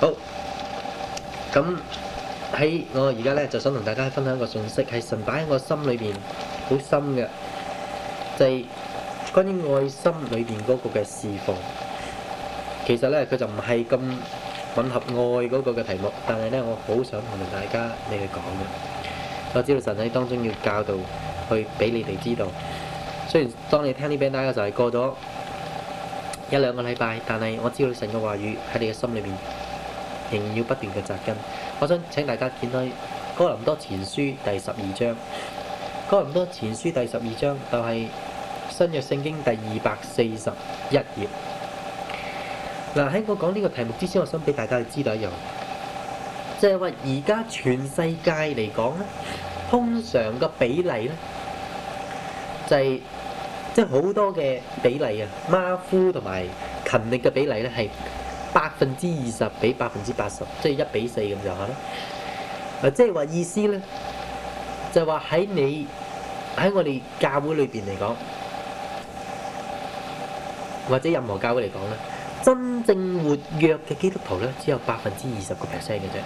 好，咁喺我而家咧，就想同大家分享一個信息，係神擺喺我心裏邊好深嘅，就係關於愛心裏邊嗰個嘅釋放。其實咧，佢就唔係咁吻合愛嗰個嘅題目，但係咧，我好想同大家你哋講嘅。我知道神喺當中要教導，去俾你哋知道。雖然當你聽呢篇題嘅時候係過咗一兩個禮拜，但係我知道神嘅話語喺你嘅心裏邊。仍然要不斷嘅扎根。我想請大家見開《哥林多前書》第十二章，《哥林多前書》第十二章就係新約聖經第二百四十頁。嗱，喺我講呢個題目之前，我想俾大家知道一樣，即係話而家全世界嚟講咧，通常嘅比例咧，就係即係好多嘅比例啊，馬虎同埋勤力嘅比例咧係。百分之二十比百分之八十，即係一比四咁上下啦。即係話意思咧，就係話喺你喺我哋教會裏邊嚟講，或者任何教會嚟講咧，真正活躍嘅基督徒咧只有百分之二十個 percent 嘅啫。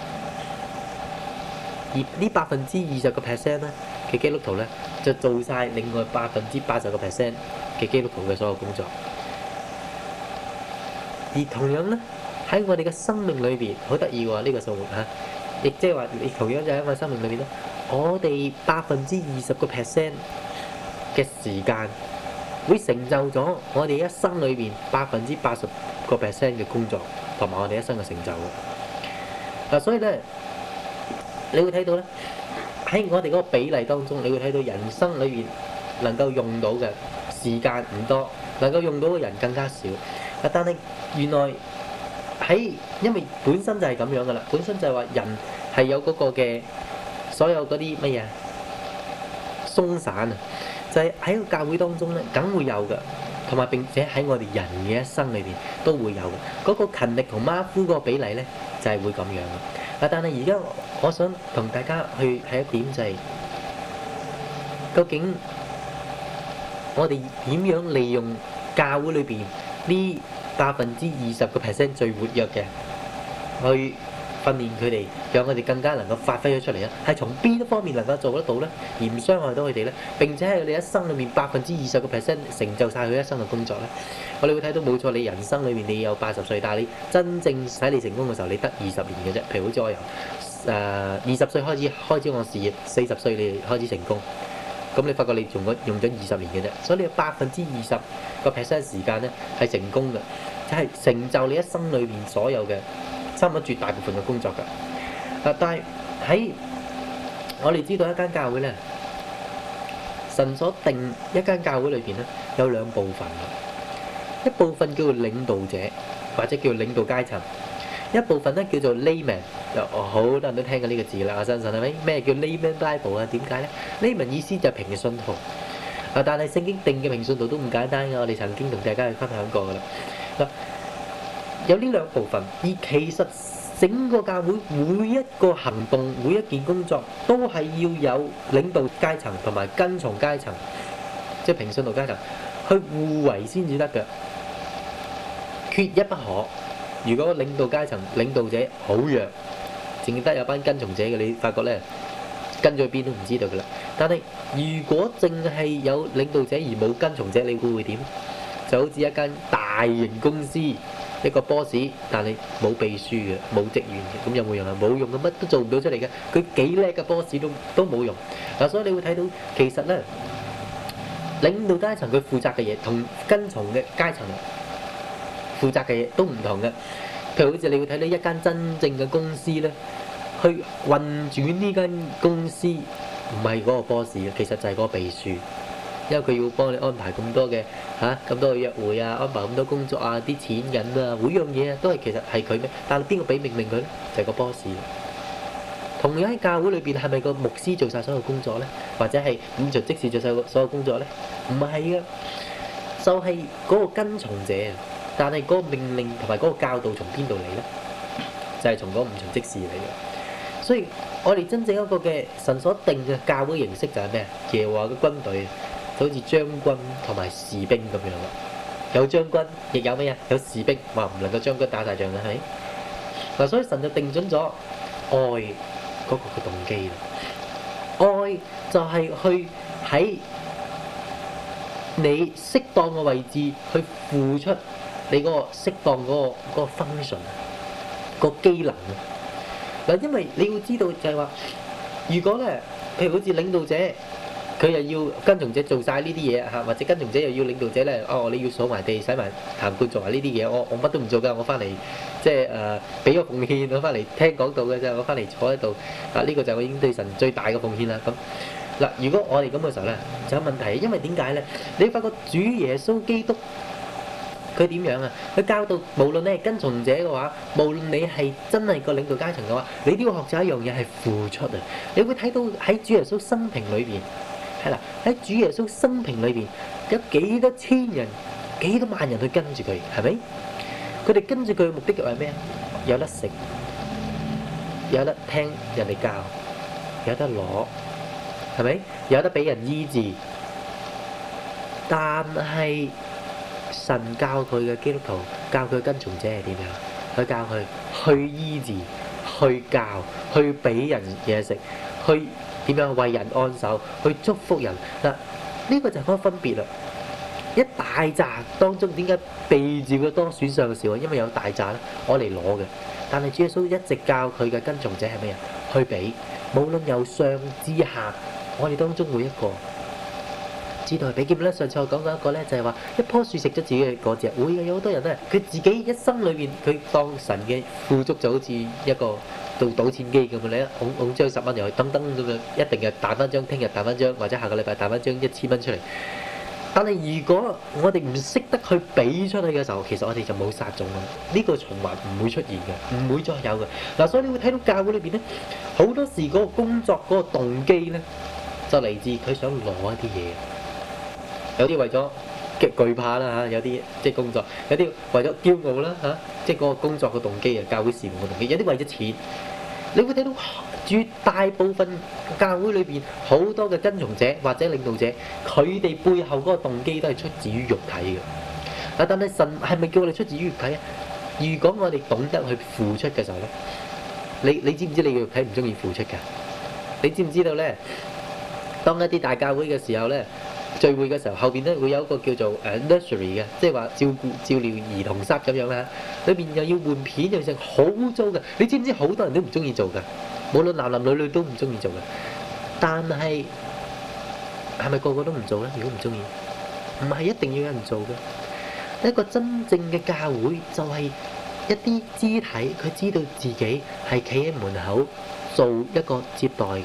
而呢百分之二十個 percent 咧嘅基督徒咧，就做晒另外百分之八十個 percent 嘅基督徒嘅所有工作。而同樣咧。喺我哋嘅生命裏邊，好得意喎！呢個數目嚇，亦即係話，你同樣就喺我生命裏邊啦。我哋百分之二十個 percent 嘅時間，會成就咗我哋一生裏邊百分之八十個 percent 嘅工作同埋我哋一生嘅成就嘅。嗱，所以咧，你會睇到咧，喺我哋嗰個比例當中，你會睇到人生裏邊能夠用到嘅時間唔多，能夠用到嘅人更加少。但係，原來～喺，因為本身就係咁樣噶啦，本身就係話人係有嗰個嘅所有嗰啲乜嘢鬆散啊，就係喺個教會當中咧，梗會有噶，同埋並且喺我哋人嘅一生裏邊都會有嘅，嗰個勤力同馬虎嗰個比例咧，就係會咁樣啊！但係而家我想同大家去睇一點就係，究竟我哋點樣利用教會裏邊呢？百分之二十個 percent 最活躍嘅，去訓練佢哋，讓佢哋更加能夠發揮咗出嚟啊！係從邊一方面能夠做得到呢？而唔傷害到佢哋呢？並且係你一生裏面百分之二十個 percent 成就晒佢一生嘅工作呢？我哋會睇到冇錯，你人生裏面你有八十歲，但係你真正使你成功嘅時候，你得二十年嘅啫。譬如好似我由誒二十歲開始開始我事業，四十歲你開始成功。咁你發覺你用咗用咗二十年嘅啫，所以你有百分之二十個 percent 時間咧係成功嘅，就係成就你一生裏邊所有嘅差唔多絕大部分嘅工作㗎。啊，但係喺我哋知道一間教會咧，神所定一間教會裏邊咧有兩部分嘅，一部分叫做領導者，或者叫領導階層。一部分咧叫做 layman，好多人都聽過呢個字啦，我相信係咪？咩叫 layman bible 啊？點解咧？layman 意思就係平信徒，但係聖經定嘅平信徒都唔簡單㗎。我哋曾經同大家去分享過㗎啦。有呢兩部分，而其實整個教會每一個行動、每一件工作，都係要有領導階層同埋跟從階層，即係平信徒階層去互為先至得嘅，缺一不可。如果領導階層，領導者好弱，淨得有班跟從者嘅，你發覺咧跟咗邊都唔知道嘅啦。但係如果淨係有領導者而冇跟從者，你估會點？就好似一間大型公司一個 boss，但係冇秘書嘅，冇職員嘅，咁有冇用啊？冇用嘅，乜都做唔到出嚟嘅。佢幾叻嘅 boss 都都冇用。嗱，所以你會睇到其實咧領導階層佢負責嘅嘢同跟從嘅階層負責嘅嘢都唔同嘅，譬如好似你要睇到一間真正嘅公司咧，去運轉呢間公司唔係嗰個 boss，其實就係個秘書，因為佢要幫你安排咁多嘅吓，咁多嘅約會啊，安排咁多工作啊，啲錢銀啊，每樣嘢啊，都係其實係佢嘅，但係邊個俾命令佢咧？就係個 boss。同樣喺教會裏邊，係咪個牧師做晒所有工作咧？或者係負責即時做晒所有工作咧？唔係啊，就係嗰個跟從者。但係嗰個命令同埋嗰個教導從邊度嚟咧？就係從嗰五重即時嚟嘅。所以，我哋真正一個嘅神所定嘅教會形式就係咩啊？就係耶和華嘅軍隊，就好似將軍同埋士兵咁樣啦。有將軍，亦有咩啊？有士兵，話唔能夠將軍打大仗嘅係。嗱，所以神就定準咗愛嗰個嘅動機啦。愛就係去喺你適當嘅位置去付出。你嗰個適當嗰個嗰個 function，個機能嗱，因為你要知道就係話，如果咧，譬如好似領導者，佢又要跟從者做晒呢啲嘢嚇，或者跟從者又要領導者咧，哦，你要掃埋地、洗埋痰罐、做埋呢啲嘢，我我乜都唔做㗎，我翻嚟即係誒俾個奉獻，我翻嚟聽講到嘅啫，我翻嚟坐喺度，啊，呢個就係我已經對神最大嘅奉獻啦咁。嗱，如果我哋咁嘅時候咧就有問題，因為點解咧？你發覺主耶穌基督。佢點樣啊？佢教到無論你係跟從者嘅話，無論你係真係個領導階層嘅話，你都要學習一樣嘢係付出啊！你會睇到喺主耶穌生平裏邊，係啦，喺主耶穌生平裏邊有幾多千人、幾多萬人去跟住佢，係咪？佢哋跟住佢嘅目的係為咩？有得食，有得聽人哋教，有得攞，係咪？有得俾人醫治，但係。神教佢嘅基督徒、教佢嘅跟從者係點樣？佢教佢去醫治、去教、去俾人嘢食、去點樣為人安守、去祝福人。嗱，呢個就係嗰個分別啦。一大紮當中點解被召嘅多、選上嘅少啊？因為有大紮我嚟攞嘅，但係耶穌一直教佢嘅跟從者係咩啊？去俾，無論有上至下，我哋當中每一個。知道係俾根本咧。上次我講過一個咧，就係話一棵樹食咗自己嘅果子。我見有好多人咧，佢自己一生裏邊，佢當神嘅富足就好似一個做賭錢機咁樣咧，捧捧張十蚊又去噔噔咁樣，一定係彈翻張，聽日彈翻張，或者下個禮拜彈翻張一千蚊出嚟。但係如果我哋唔識得去俾出去嘅時候，其實我哋就冇殺種啦。呢個循環唔會出現嘅，唔會再有嘅。嗱，所以你會睇到教會裏邊咧，好多時嗰個工作嗰個動機咧，就嚟自佢想攞一啲嘢。有啲為咗即係懼怕啦嚇，有啲即係工作，有啲為咗驕傲啦嚇，即係嗰個工作嘅動機啊，教會事務嘅動機，有啲為咗錢。你會睇到絕大部分教會裏邊好多嘅跟從者或者領導者，佢哋背後嗰個動機都係出自於肉體嘅。但係神係咪叫我哋出自於肉體啊？如果我哋懂得去付出嘅時候咧，你你知唔知你肉體唔中意付出㗎？你知唔知道咧？當一啲大教會嘅時候咧，聚會嘅時候，後邊咧會有一個叫做誒 nursery 嘅，即係話照顧照料兒童室咁樣啦。裏邊又要換片，又成好污糟嘅。你知唔知好多人都唔中意做㗎？無論男男女女都唔中意做㗎。但係係咪個個都唔做咧？如果唔中意，唔係一定要有人做嘅。一個真正嘅教會就係一啲肢體，佢知道自己係企喺門口做一個接待嘅。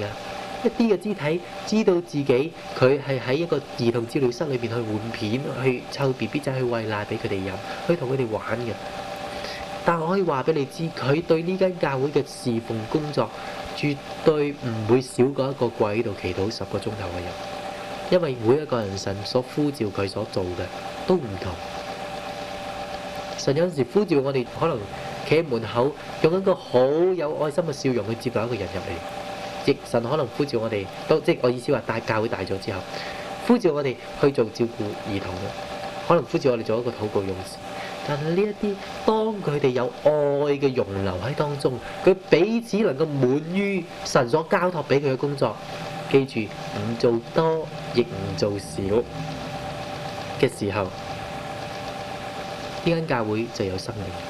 一啲嘅肢體知道自己佢係喺一個兒童治療室裏邊去換片，去湊 B B 仔，去餵奶俾佢哋飲，去同佢哋玩嘅。但我可以話俾你知，佢對呢間教會嘅侍奉工作絕對唔會少過一個跪喺度祈禱十個鐘頭嘅人，因為每一個人神所呼召佢所做嘅都唔同。神有陣時候呼召我哋，可能企喺門口，用一個好有愛心嘅笑容去接待一個人入嚟。亦神可能呼召我哋，都即係我意思話，大教會大咗之後，呼召我哋去做照顧兒童嘅，可能呼召我哋做一個禱告勇士。但係呢一啲，當佢哋有愛嘅容留喺當中，佢彼此能夠滿於神所交託俾佢嘅工作，記住唔做多亦唔做少嘅時候，呢間教會就有生命。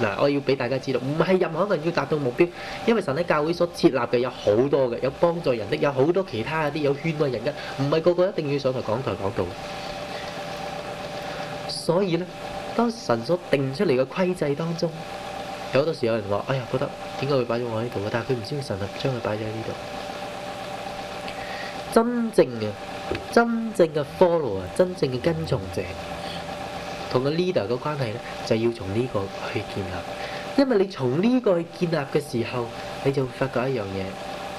嗱，我要俾大家知道，唔係任何一個人要達到目標，因為神喺教會所設立嘅有好多嘅，有幫助人的，有好多其他啲，有圈內人嘅，唔係個個一定要上台講台講道，所以咧，當神所定出嚟嘅規制當中，有好多時有人話，哎呀，覺得點解會擺咗我喺度？但係佢唔知道神啊，將佢擺咗喺呢度。真正嘅、真正嘅 follow 啊，真正嘅跟從者。同個 leader 個關係咧，就要從呢個去建立。因為你從呢個去建立嘅時候，你就會發覺一樣嘢。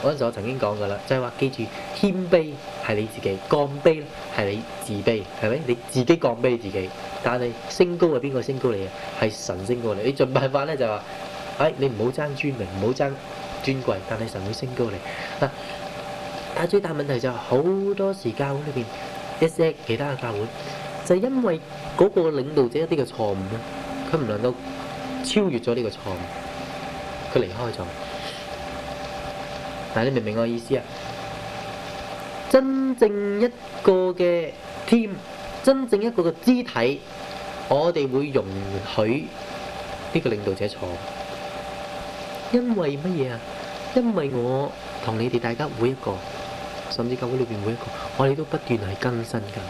嗰陣時我曾經講過啦，就係話記住謙卑係你自己，降卑係你自卑，係咪你自己降卑，你自卑你自己？但係升高係邊個升高你啊？係神升高你。」你盡辦法咧就話，哎你唔好爭尊榮，唔好爭尊貴，但係神會升高你。但係最大問題就係好多時教會裏邊一些其他嘅教會。就因為嗰個領導者一啲嘅錯誤咧，佢唔能夠超越咗呢個錯誤，佢離開咗。但係你明唔明我意思啊？真正一個嘅 team，真正一個嘅肢體，我哋會容許呢個領導者錯，因為乜嘢啊？因為我同你哋大家每一個，甚至教會裏邊每一個，我哋都不斷係更新噶。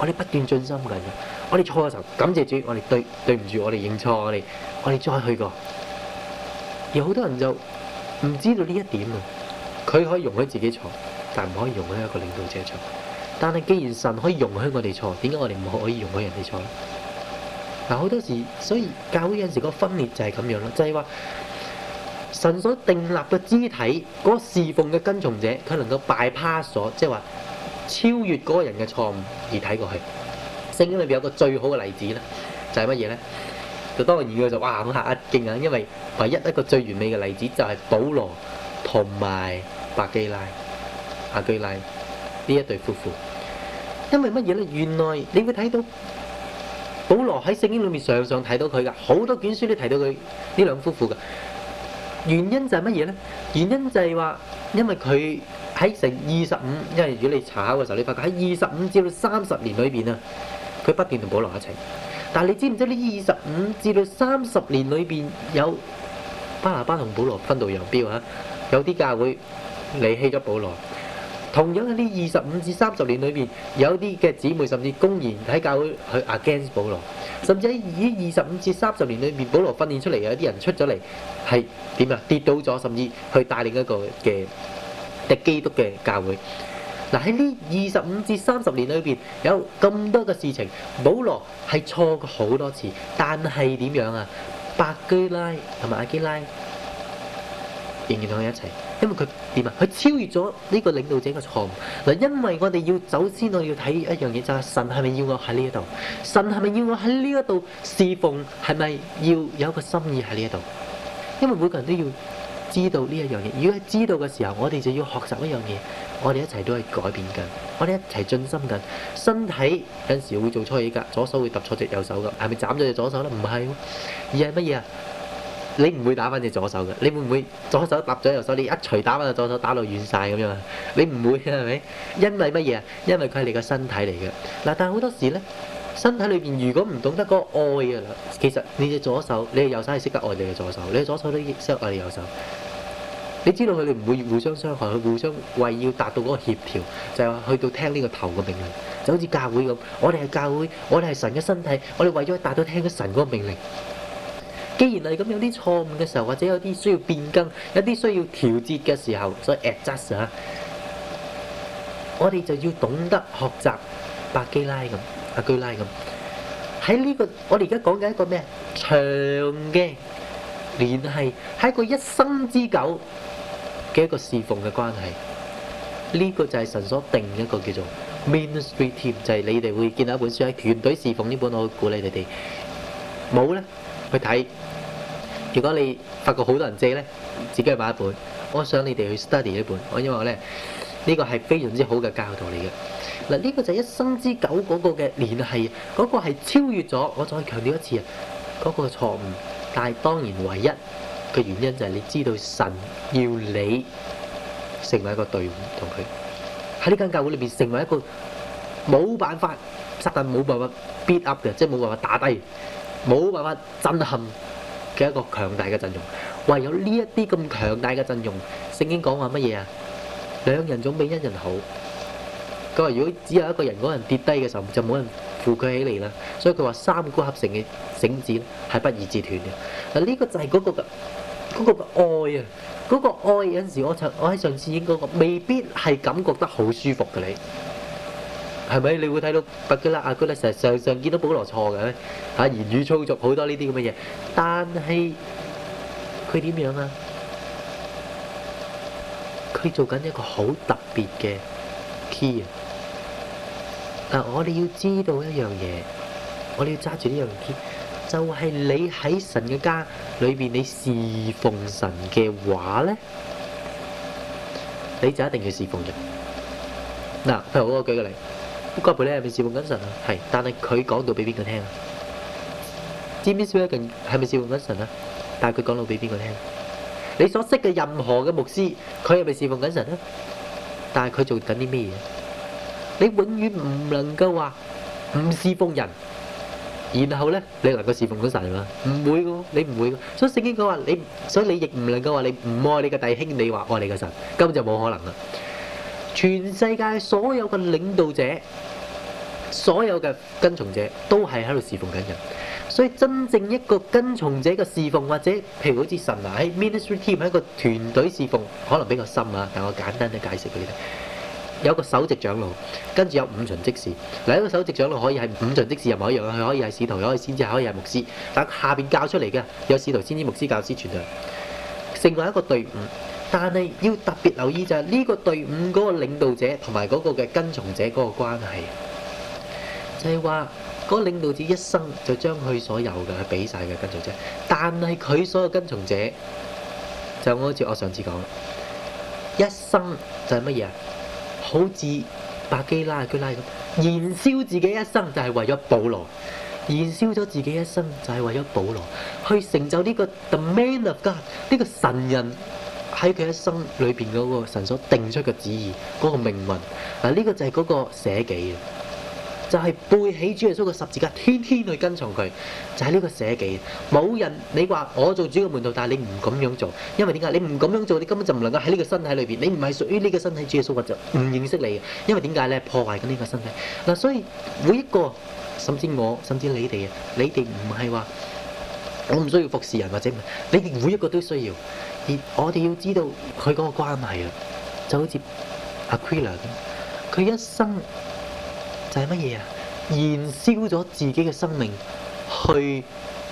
我哋不斷進心緊嘅，我哋錯嘅時候感謝主，我哋對對唔住，我哋認錯，我哋我哋再去過。有好多人就唔知道呢一點啊，佢可以容許自己錯，但唔可以容許一個領導者錯。但係既然神可以容許我哋錯，點解我哋唔可以容許人哋錯？嗱，好多時，所以教會有陣時個分裂就係咁樣咯，就係話神所訂立嘅肢體，嗰侍奉嘅跟從者，佢能夠 bypass 咗，即係話。超越嗰個人嘅錯誤而睇過去，聖經裏邊有個最好嘅例子咧，就係乜嘢咧？就當然嘅就哇好嚇一驚啊，因為唯一一個最完美嘅例子就係保羅同埋百基拉、亞居拉呢一對夫婦。因為乜嘢咧？原來你會睇到保羅喺聖經裏面常常睇到佢噶，好多卷書都提到佢呢兩夫婦噶。原因就係乜嘢呢？原因就係話，因為佢喺成二十五，因為如果你查考嘅時候，你發覺喺二十五至到三十年裏邊啊，佢不斷同保羅一齊。但係你知唔知呢二十五至到三十年裏邊，有巴拿巴同保羅分道揚鑣啊？有啲教會離棄咗保羅。同樣喺呢二十五至三十年裏邊，有啲嘅姊妹甚至公然喺教會去 against 保羅，甚至喺二十五至三十年裏邊，保羅訓練出嚟有啲人出咗嚟係點啊？跌倒咗，甚至去帶領一個嘅敵基督嘅教會。嗱，喺呢二十五至三十年裏邊有咁多嘅事情，保羅係錯過好多次，但係點樣啊？百基拉同埋阿基拉，仍然同佢一齊，因為佢點啊？佢超越咗呢個領導者嘅錯誤。嗱，因為我哋要走先，我要睇一樣嘢，就係神係咪要我喺呢一度？神係咪要我喺呢一度侍奉？係咪要有個心意喺呢一度？因為每個人都要知道呢一樣嘢。如果係知道嘅時候，我哋就要學習一樣嘢。我哋一齊都係改變緊，我哋一齊進心緊。身體有時會做錯嘢㗎，左手會揼錯隻右手㗎，係咪斬咗隻左手啦？唔係，而係乜嘢啊？你唔會打翻隻左手嘅，你會唔會左手揼咗右手？你一捶打翻隻左手，打到軟曬咁樣，你唔會，係咪？因為乜嘢啊？因為佢係你個身體嚟嘅。嗱，但係好多時咧，身體裏邊如果唔懂得嗰個愛啊啦，其實你隻左手，你隻右手係識得愛你嘅左手，你隻左手都識愛你右手。你知道佢哋唔會互相傷害，佢互相為要達到嗰個協調，就係話去到聽呢個頭嘅命令，就好似教會咁，我哋係教會，我哋係神嘅身體，我哋為咗達到聽咗神嗰個命令。既然係咁，有啲錯誤嘅時候，或者有啲需要變更，有啲需要調節嘅時候，所以 adjust 下，我哋就要懂得學習，百基拉咁，亞居拉咁。喺呢個，我哋而家講緊一個咩？長嘅聯繫，係一個一生之久嘅一個侍奉嘅關係。呢個就係神所定嘅一個叫做 ministry team，就係你哋會見到一本書喺團隊侍奉呢本，我鼓勵你哋冇咧。去睇，如果你發覺好多人借咧，自己去買一本。我想你哋去 study 一本，我因為咧呢個係非常之好嘅教導嚟嘅。嗱、啊，呢個就係一生之久嗰個嘅聯繫，嗰個係超越咗。我再強調一次啊，嗰個錯誤。但係當然唯一嘅原因就係你知道神要你成為一個隊伍同佢喺呢間教會裏邊成為一個冇辦法撒但冇辦法 beat up 嘅，即係冇辦法打低。冇辦法震撼嘅一個強大嘅陣容，唯有呢一啲咁強大嘅陣容。聖經講話乜嘢啊？兩人總比一人好。佢話：如果只有一個人，嗰人跌低嘅時候，就冇人扶佢起嚟啦。所以佢話：三股合成嘅繩子係不易折斷嘅。啊，呢個就係嗰個嘅嗰個嘅愛啊！嗰個愛有陣時，我上我喺上次講過，未必係感覺得好舒服嘅你。係咪你會睇到百基拉、亞居拉，成日上上見到保羅錯嘅，嚇言語粗俗好多呢啲咁嘅嘢，但係佢點樣啊？佢做緊一個好特別嘅 key 啊！嗱，我哋要知道一樣嘢，我哋要揸住呢樣 key，就係你喺神嘅家裏邊，你侍奉神嘅話咧，你就一定要侍奉人。嗱，譬如我舉個例。嗰個伯利人係咪侍奉緊神啊？係，但係佢講到俾邊個聽啊？詹姆斯威近係咪侍奉緊神啊？但係佢講到俾邊個聽？你所識嘅任何嘅牧師，佢係咪侍奉緊神啊？但係佢做緊啲咩嘢？你永遠唔能夠話唔侍奉人，然後咧你能夠侍奉緊神嘛？唔會嘅，你唔會嘅。所以聖經講話你，所以你亦唔能夠話你唔愛你嘅弟兄，你話愛你嘅神，根本就冇可能啊！全世界所有嘅領導者，所有嘅跟從者都係喺度侍奉緊人。所以真正一個跟從者嘅侍奉，或者譬如好似神啊，喺 ministry team 一個團隊侍奉，可能比較深啊。但我簡單嘅解釋俾你，有個首席長老，跟住有五旬即時。嗱，一個首席長老可以係五旬即時，又唔一樣。佢可以係使徒，可以先知，可以係牧師。但下邊教出嚟嘅有使徒、先知、牧師、教師存在。成為一個隊伍。但係要特別留意就係呢個隊伍嗰個領導者同埋嗰個嘅跟從者嗰個關係，就係話嗰個領導者一生就將佢所有嘅係俾曬嘅跟從者，但係佢所有的跟從者就好似我上次講，一生就係乜嘢啊？好似百基拉、亞居拉咁，燃燒自己一生就係為咗保羅，燃燒咗自己一生就係為咗保羅去成就呢個 the man of God 呢個神人。喺佢一生裏邊嗰個神所定出嘅旨意，嗰個命運嗱，呢個就係嗰個捨己啊！就係背起主耶穌嘅十字架，天天去跟從佢，就係呢個捨己啊！冇人，你話我做主嘅門徒，但係你唔咁樣做，因為點解？你唔咁樣做，你根本就唔能夠喺呢個身體裏邊，你唔係屬於呢個身體，主耶穌就唔認識你啊！因為點解咧？破壞緊呢個身體嗱，所以每一個，甚至我，甚至你哋啊，你哋唔係話我唔需要服侍人或者，你哋每一個都需要。我哋要知道佢嗰個關係啊，就好似阿 Quila 咁，佢一生就係乜嘢啊？燃燒咗自己嘅生命去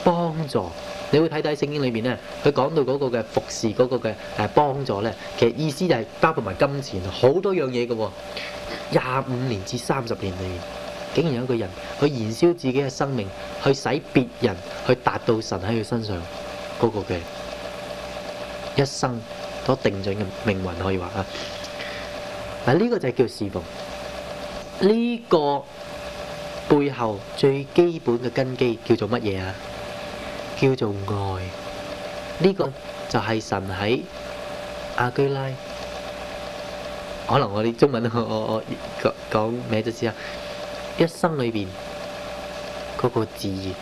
幫助，你會睇睇聖經裏邊咧，佢講到嗰個嘅服侍，嗰個嘅誒幫助咧，其實意思就係包括埋金錢好多樣嘢嘅喎。廿五年至三十年嚟，竟然有一個人去燃燒自己嘅生命去使別人去達到神喺佢身上嗰個嘅。一生所定準嘅命運可以話啊，啊呢個就係叫事奉，呢個背後最基本嘅根基叫做乜嘢啊？叫做愛，呢個就係神喺阿居拉，可能我哋中文我我講講歪咗先啊，一生裏邊嗰個自然，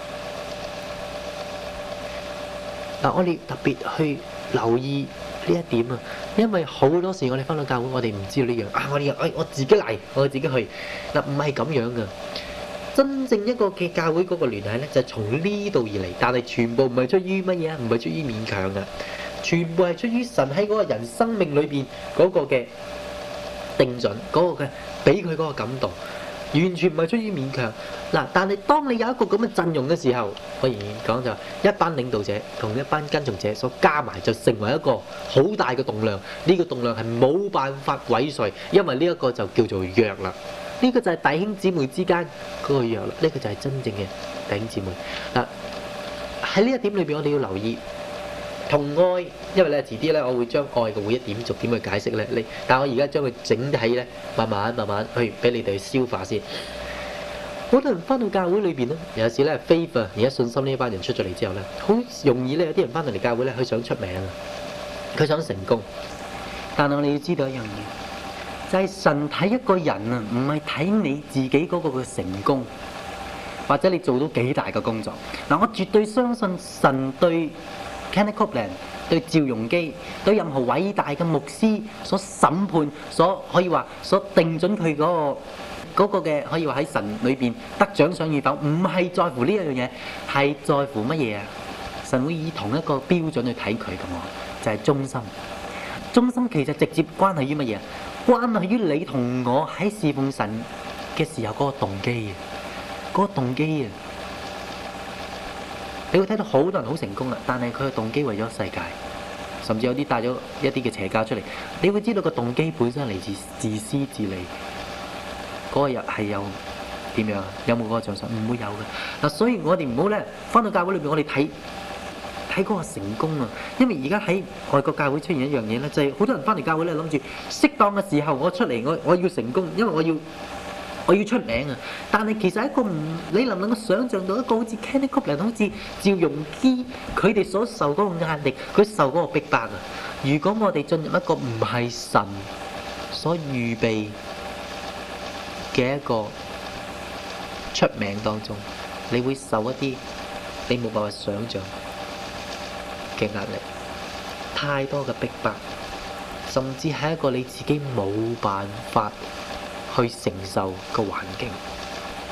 但係我哋特別去。留意呢一點啊，因為好多時我哋翻到教會，我哋唔知道呢樣啊，我哋又誒我自己嚟，我自己去嗱，唔係咁樣噶。真正一個嘅教會嗰個聯繫咧，就係從呢度而嚟，但係全部唔係出於乜嘢啊？唔係出於勉強噶，全部係出於神喺嗰個人生命裏邊嗰個嘅定準，嗰、嗰個嘅俾佢嗰個感動。完全唔係出於勉強嗱，但係當你有一個咁嘅陣容嘅時候，我而言講就話一班領導者同一班跟從者所加埋就成為一個好大嘅動量。呢、這個動量係冇辦法毀碎，因為呢一個就叫做弱啦，呢、這個就係弟兄姊妹之間嗰個弱，呢、這個就係真正嘅弟兄姊妹嗱，喺呢一點裏邊我哋要留意。同愛，因為咧遲啲咧，我會將愛嘅每一點逐點去解釋咧。你，但係我而家將佢整體咧，慢慢慢慢去俾你哋去消化先。好多人翻到教會裏邊咧，有時咧係 favor，而家信心呢一班人出咗嚟之後咧，好容易咧有啲人翻到嚟教會咧，佢想出名啊，佢想成功。但係我哋要知道一樣嘢，就係神睇一個人啊，唔係睇你自己嗰個嘅成功，或者你做到幾大嘅工作。嗱，我絕對相信神對。Kenneth Copeland 對趙容基對任何偉大嘅牧師所審判所可以話所定準佢嗰個嘅可以話喺神裏邊得獎賞與否，唔係在乎呢一樣嘢，係在乎乜嘢啊？神會以同一個標準去睇佢咁啊，就係、是、忠心。忠心其實直接關係於乜嘢？關係於你同我喺侍奉神嘅時候嗰個動機啊，嗰個動機啊！你會睇到好多人好成功啦，但係佢嘅動機為咗世界，甚至有啲帶咗一啲嘅邪教出嚟。你會知道個動機本身嚟自自私自利，嗰、嗰個又係有點樣？有冇嗰個掌識？唔會有嘅。嗱，所以我哋唔好咧，翻到教會裏邊，我哋睇睇嗰個成功啊。因為而家喺外國教會出現一樣嘢咧，就係、是、好多人翻嚟教會咧諗住適當嘅時候我出嚟，我我要成功，因為我要。我要出名啊！但係其實一個唔，你能唔能夠想像到一個好似 Kenny Copeland，好似趙鏞基佢哋所受嗰個壓力，佢受嗰個逼迫啊！如果我哋進入一個唔係神所預備嘅一個出名當中，你會受一啲你冇辦法想像嘅壓力，太多嘅逼迫，甚至係一個你自己冇辦法。去承受個環境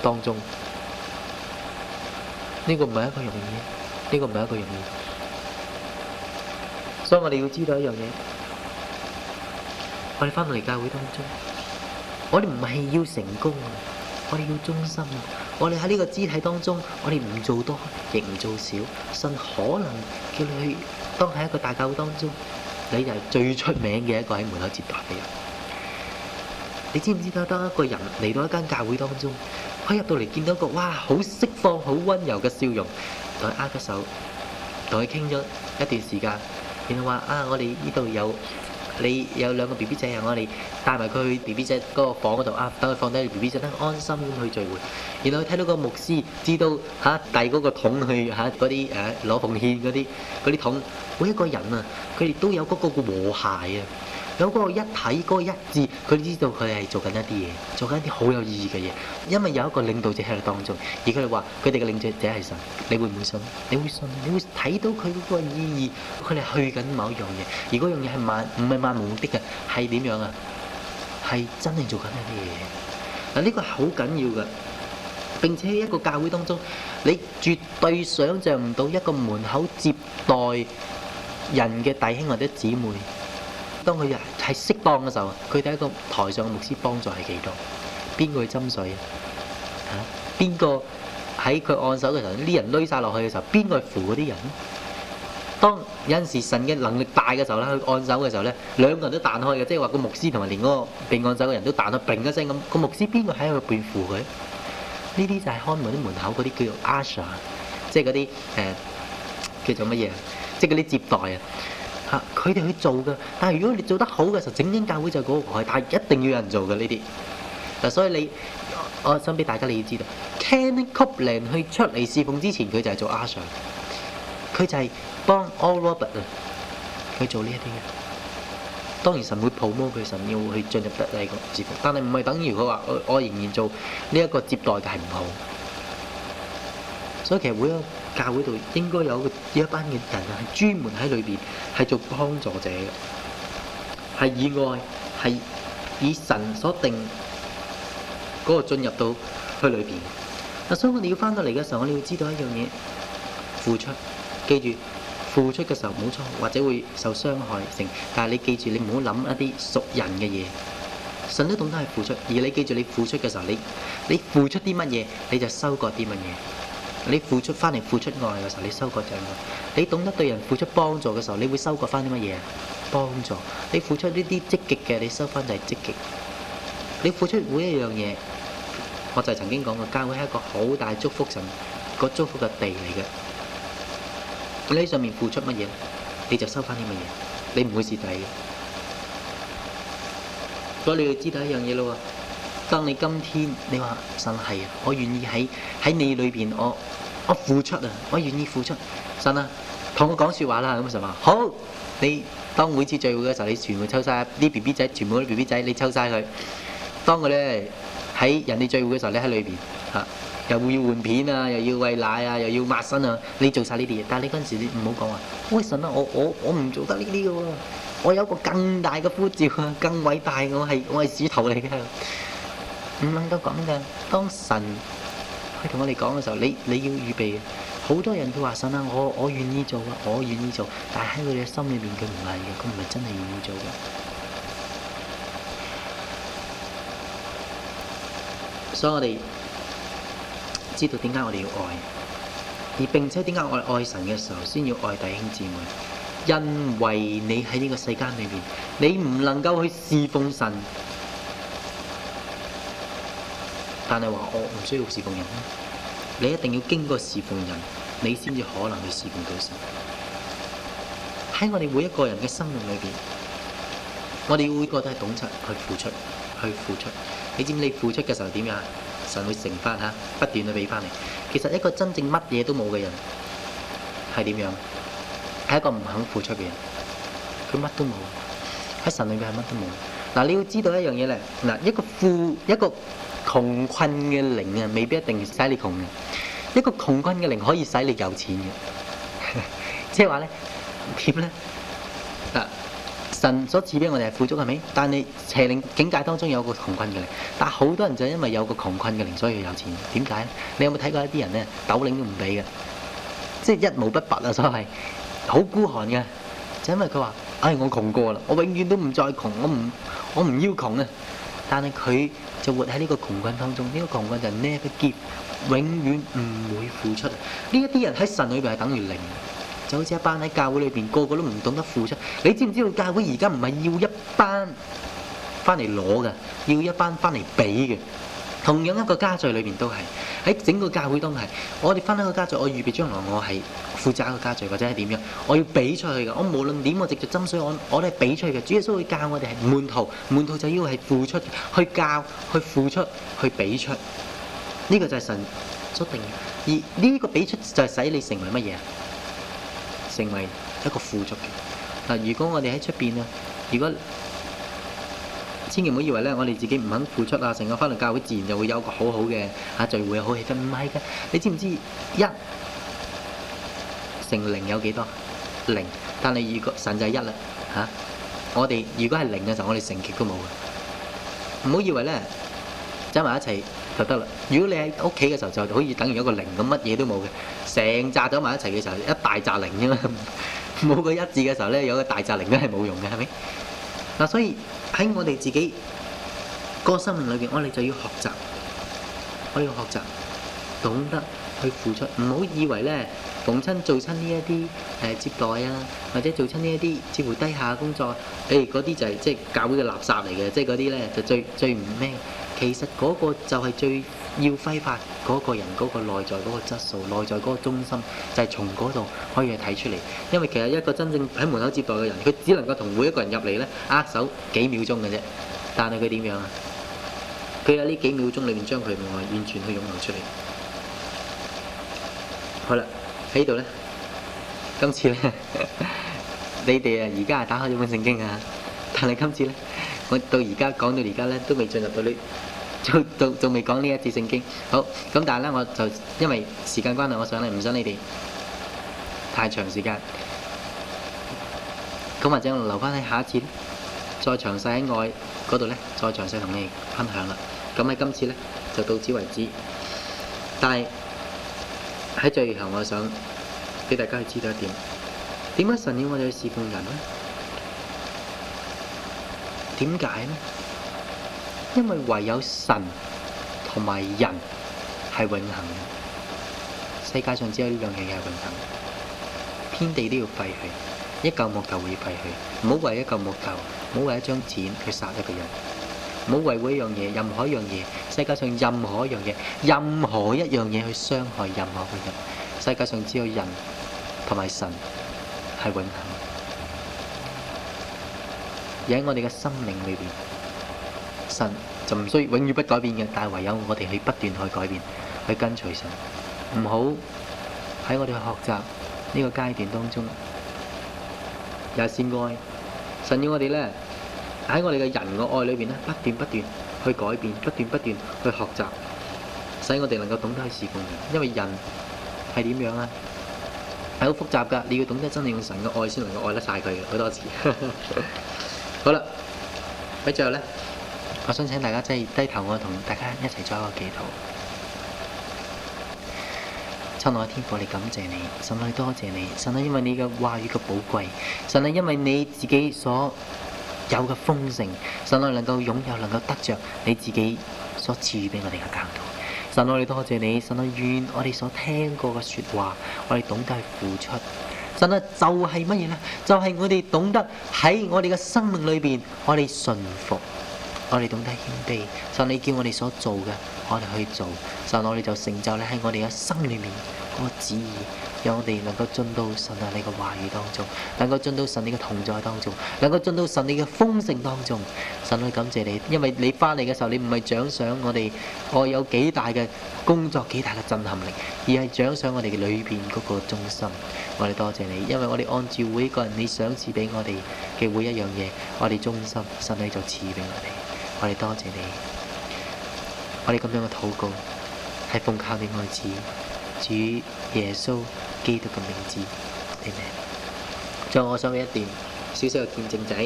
當中，呢個唔係一個容易，呢個唔係一個容易。所以我哋要知道一樣嘢，我哋翻到嚟教會當中，我哋唔係要成功啊，我哋要忠心啊。我哋喺呢個肢體當中，我哋唔做多，亦唔做少，信可能叫你去當喺一個大教會當中，你就係最出名嘅一個喺門口接待嘅人。你知唔知道？當一個人嚟到一間教會當中，佢入到嚟見到一個哇，好釋放、好温柔嘅笑容，同佢握個手，同佢傾咗一段時間。然後話啊，我哋呢度有你有兩個 B B 仔啊，我哋帶埋佢去 B B 仔嗰個房嗰度啊，等佢放低 B B 仔，安心咁去聚會。然後佢睇到個牧師知道吓遞嗰個桶去吓嗰啲誒攞奉獻嗰啲嗰啲桶，每一個人啊，佢哋都有嗰個和諧啊。有嗰個一睇嗰個一致，佢知道佢係做緊一啲嘢，做緊一啲好有意義嘅嘢。因為有一個領導者喺度當中，而佢哋話佢哋嘅領導者係神，你會唔會信？你會信？你會睇到佢嗰個意義？佢哋去緊某樣嘢，而嗰樣嘢係漫唔係漫無目的嘅，係點樣啊？係真係做緊一啲嘢。嗱，呢個好緊要㗎。並且喺一個教會當中，你絕對想像唔到一個門口接待人嘅弟兄或者姊妹。當佢係適當嘅時候，佢哋一個台上嘅牧師幫助係幾多？邊個去斟水啊？嚇！邊個喺佢按手嘅時候，呢啲人攆曬落去嘅時候，邊個扶嗰啲人？當有陣時神嘅能力大嘅時候咧，佢按手嘅時候咧，兩個人都彈開嘅，即係話個牧師同埋連嗰個被按手嘅人都彈到砰一聲咁。個牧師邊個喺佢背扶佢？呢啲就係看門的門口嗰啲叫、呃、叫做阿尚，即係嗰啲誒叫做乜嘢？即係嗰啲接待啊！啊！佢哋去做嘅，但係如果你做得好嘅時候，就整間教會就嗰個係，但係一定要有人做嘅呢啲。嗱，所以你，我想俾大家你要知道，Ken Copeland 去出嚟侍奉之前，佢就係做 usher，佢就係幫 All Robert 去做呢一啲嘅。當然神會 promote 佢，神要去進入第第二個接奉，但係唔係等於佢話我我仍然做呢一個接待嘅係唔好。所以其實會。教會度應該有一班嘅人係專門喺裏邊係做幫助者嘅，係以外係以神所定嗰個進入到去裏邊。嗱，所以我哋要翻到嚟嘅時候，我哋要知道一樣嘢：付出。記住，付出嘅時候冇錯，或者會受傷害成，但係你記住，你唔好諗一啲熟人嘅嘢。神都懂得係付出，而你記住你你，你付出嘅時候，你你付出啲乜嘢，你就收割啲乜嘢。你付出翻嚟，付出愛嘅時候，你收割就係愛。你懂得對人付出幫助嘅時候，你會收割翻啲乜嘢啊？幫助。你付出呢啲積極嘅，你收翻就係積極。你付出每一樣嘢，我就曾經講過，教會係一個好大祝福神、那個祝福嘅地嚟嘅。你喺上面付出乜嘢，你就收翻啲乜嘢，你唔會蝕底嘅。所以你要知道一樣嘢咯。當你今天你話神係啊，我願意喺喺你裏邊，我我付出啊，我願意付出，神啊，同我講説話啦，咁就話，好，你當每次聚會嘅時候，你全部抽晒啲 B B 仔，全部啲 B B 仔，你抽晒佢。當我咧喺人哋聚會嘅時候，你喺裏邊嚇，又會要換片啊，又要餵奶啊，又要抹身啊，你做晒呢啲嘢。但係你嗰陣時你唔好講話，喂，神啊，我我我唔做得呢啲嘅喎，我有個更大嘅呼召啊，更偉大我係我係主頭嚟嘅。唔能夠講嘅。當神去同我哋講嘅時候，你你要預備。好多人都話神啊，我我願意做啊，我願意做。但喺佢哋嘅心裏面，佢唔係嘅，佢唔係真係願意做嘅。所以我哋知道點解我哋要愛，而並且點解我哋愛神嘅時候，先要愛弟兄姊妹。因為你喺呢個世間裏面，你唔能夠去侍奉神。但係話我唔需要侍奉人，你一定要經過侍奉人，你先至可能去侍奉到神。喺我哋每一個人嘅生命裏邊，我哋會覺得係懂得去付出，去付出。你知唔知？你付出嘅時候點樣？神會成翻吓，不斷去俾翻你。其實一個真正乜嘢都冇嘅人係點樣？係一個唔肯付出嘅人，佢乜都冇，喺神裏邊係乜都冇。嗱，你要知道一樣嘢咧，嗱一個富一個。窮困嘅靈啊，未必一定使你窮嘅。一個窮困嘅靈可以使你有錢嘅，即係話咧，點咧？啊，神所賜俾我哋係富足，係咪？但係邪靈境界當中有個窮困嘅靈，但係好多人就因為有個窮困嘅靈，所以要有錢。點解咧？你有冇睇過一啲人咧？斗零都唔俾嘅，即係一毛不拔啊！所謂好孤寒嘅，就因為佢話：唉，我窮過啦，我永遠都唔再窮，我唔，我唔要窮啊。但係佢就活喺呢個窮困當中，呢、這個窮困就 never give，永遠唔會付出。呢一啲人喺神裏邊係等於零，就好似一班喺教會裏邊個個都唔懂得付出。你知唔知道教會而家唔係要一班翻嚟攞嘅，要一班翻嚟俾嘅。同樣一個家罪裏面都係喺整個教會都係，我哋分享個家罪，我預備將來我係負責一個家罪，或者係點樣，我要俾出去嘅，我無論點我直接斟水，我我都係俾出去嘅，主要會教我哋係門徒，門徒就要係付出去，去教，去付出去，去俾出去。呢、呢個就係神所定嘅，而呢個俾出就係使你成為乜嘢？成為一個富足嘅。嗱，如果我哋喺出邊啊，如果。千祈唔好以為咧，我哋自己唔肯付出啊，成個返嚟教會自然就會有個好好嘅嚇聚會好氣氛唔係嘅。你知唔知一乘零有幾多零？但係如果神就係、mm -hmm. 一啦嚇，我哋如果係零嘅時候，我哋成極都冇嘅。唔好以為咧，走埋一齊就得啦。如果你喺屋企嘅時候就可以等於一個零咁，乜嘢都冇嘅。成紮走埋一齊嘅時候，一大紮零啫嘛。冇個一字嘅時候咧，有個大紮零都係冇用嘅，係咪？嗱，所以。喺我哋自己個生命裏邊，我哋就要學習，我要學習懂得去付出。唔好以為咧，逢親做親呢一啲誒接待啊，或者做親呢一啲似乎低下嘅工作，誒嗰啲就係即係教會嘅垃圾嚟嘅，即係嗰啲咧就最最唔咩。其實嗰個就係最要揮發嗰個人嗰個內在嗰個質素，內在嗰個中心，就係從嗰度可以睇出嚟。因為其實一個真正喺門口接待嘅人，佢只能夠同每一個人入嚟咧握手幾秒鐘嘅啫。但係佢點樣啊？佢喺呢幾秒鐘裏面將佢完全去湧流出嚟。好啦，喺呢度咧，今次咧，你哋啊，而家係打開咗本聖經啊，但係今次咧，我到而家講到而家咧，都未進入到呢。仲仲仲未講呢一次聖經，好，咁但係咧，我就因為時間關係，我想你唔想，你哋太長時間，咁或者我留翻喺下一次，再詳細喺愛嗰度咧，再詳細同你分享啦。咁喺今次咧就到此為止，但係喺最後我想俾大家去知道一點，點解神要我哋去侍奉人咧？點解咧？因為唯有神同埋人係永恆嘅，世界上只有兩樣嘢係永恆，天地都要廢去，一嚿木頭會廢去，唔好為一嚿木頭，唔好為一張紙去殺一個人，唔好為嗰一樣嘢，任何一樣嘢，世界上任何一樣嘢，任何一樣嘢去傷害任何一個人。世界上只有人同埋神係永恆，而喺我哋嘅生命裏邊。神就唔需要永遠不改變嘅，但係唯有我哋去不斷去改變，去跟隨神。唔好喺我哋去學習呢個階段當中，有先愛。神要我哋咧喺我哋嘅人嘅愛裏邊咧不斷不斷去改變，不斷不斷去學習，使我哋能夠懂得去侍奉。因為人係點樣啊？係好複雜㗎，你要懂得真正用神嘅愛先能夠愛得曬佢嘅好多次。好啦，喺最後咧。我想請大家即係低頭，我同大家一齊做一個祈禱。親愛天父，我哋感謝你，神愛多謝你，神愛因為你嘅話語嘅寶貴，神愛因為你自己所有嘅豐盛，神愛能夠擁有、能夠得着你自己所賜予俾我哋嘅教導。神愛我哋多謝你，神愛願我哋所聽過嘅説話，我哋懂得去付出。神愛就係乜嘢咧？就係我哋懂得喺我哋嘅生命裏邊，我哋順服。我哋懂得謙卑，神你叫我哋所做嘅，我哋去做。神我哋就成就你喺我哋嘅心裏面嗰個旨意，我讓我哋能夠進到神啊你嘅話語當中，能夠進到神你嘅同在當中，能夠進到神你嘅豐盛當中。神，我感謝你，因為你翻嚟嘅時候，你唔係獎賞我哋我有幾大嘅工作，幾大嘅震撼力，而係獎賞我哋裏邊嗰個中心。我哋多謝你，因為我哋按住每一個人，你想賜俾我哋嘅每一樣嘢，我哋忠心，神就你就賜俾我哋。我哋多謝你，我哋咁樣嘅禱告，係奉靠你愛子，主耶穌基督嘅名字。仲有，我想起一段少少嘅見證仔，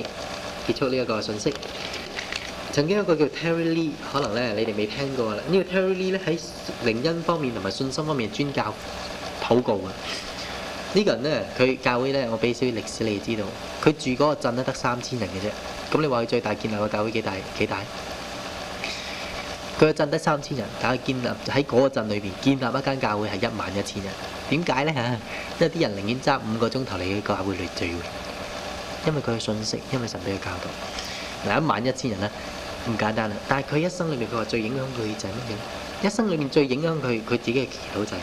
結束呢一個訊息。曾經有個叫 Terry Lee，可能咧你哋未聽過啦。呢個 Terry Lee 咧喺靈恩方面同埋信心方面專教禱告啊。呢個人咧，佢教會咧，我俾少少歷史你哋知道。佢住嗰個鎮都得三千人嘅啫。咁你話佢最大建立個教會幾大幾大？佢個鎮得三千人，但係建立喺嗰個鎮裏邊建立一間教會係一萬一千人。點解咧嚇？因為啲人寧願揸五個鐘頭嚟個教會嚟聚會，因為佢嘅信息，因為神俾佢教導。嗱，一萬一千人啦，唔簡單啦。但係佢一生裏面，佢話最影響佢就係乜嘢？一生裏面最影響佢佢自己嘅基督徒就係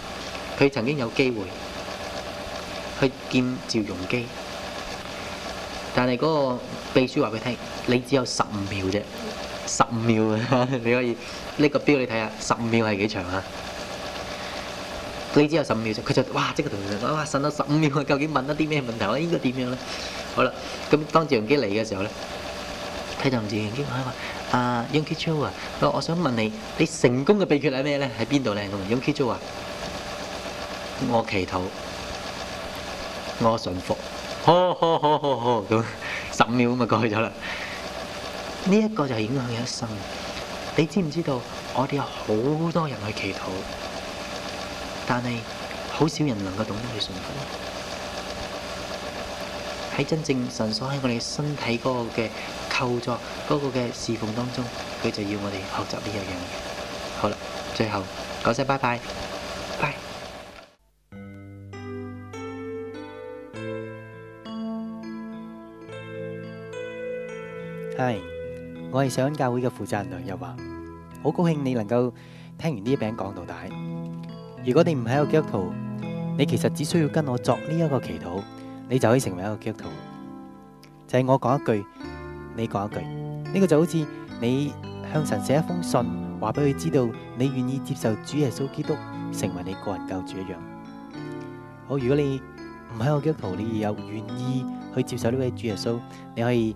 佢曾經有機會去見趙容基，但係嗰個秘書話畀你聽，你只有十五秒啫，十五秒啊！你可以搦個錶你睇下，十五秒係幾長啊？你只有十五秒啫，佢就哇即刻同佢講哇，剩咗十五秒啊！究竟問咗啲咩問題啊？應該點樣咧？好啦，咁當趙鏞基嚟嘅時候咧，睇到趙鏞基話啊嘛？啊，Yonggi Cho 啊，我我想問你，你成功嘅秘訣係咩咧？喺邊度咧？同 Yonggi Cho 話，我祈禱，我信服。好好好好好咁，十五秒咁咪過去咗啦。呢一個就影響一生。你知唔知道？我哋有好多人去祈禱，但係好少人能夠懂得去信服。喺真正神所喺我哋身體嗰個嘅構作，嗰個嘅侍奉當中，佢就要我哋學習呢一樣嘢。好啦，最後，講聲拜拜。我係上恩教會嘅負責人梁日華，好高興你能夠聽完呢一篇講到大。如果你唔係一個基督徒，你其實只需要跟我作呢一個祈禱，你就可以成為一個基督徒。就係我講一句，你講一句，呢個就好似你向神寫一封信，話俾佢知道你願意接受主耶穌基督成為你個人救主一樣。好，如果你唔係一個基督徒，你又願意去接受呢位主耶穌，你可以。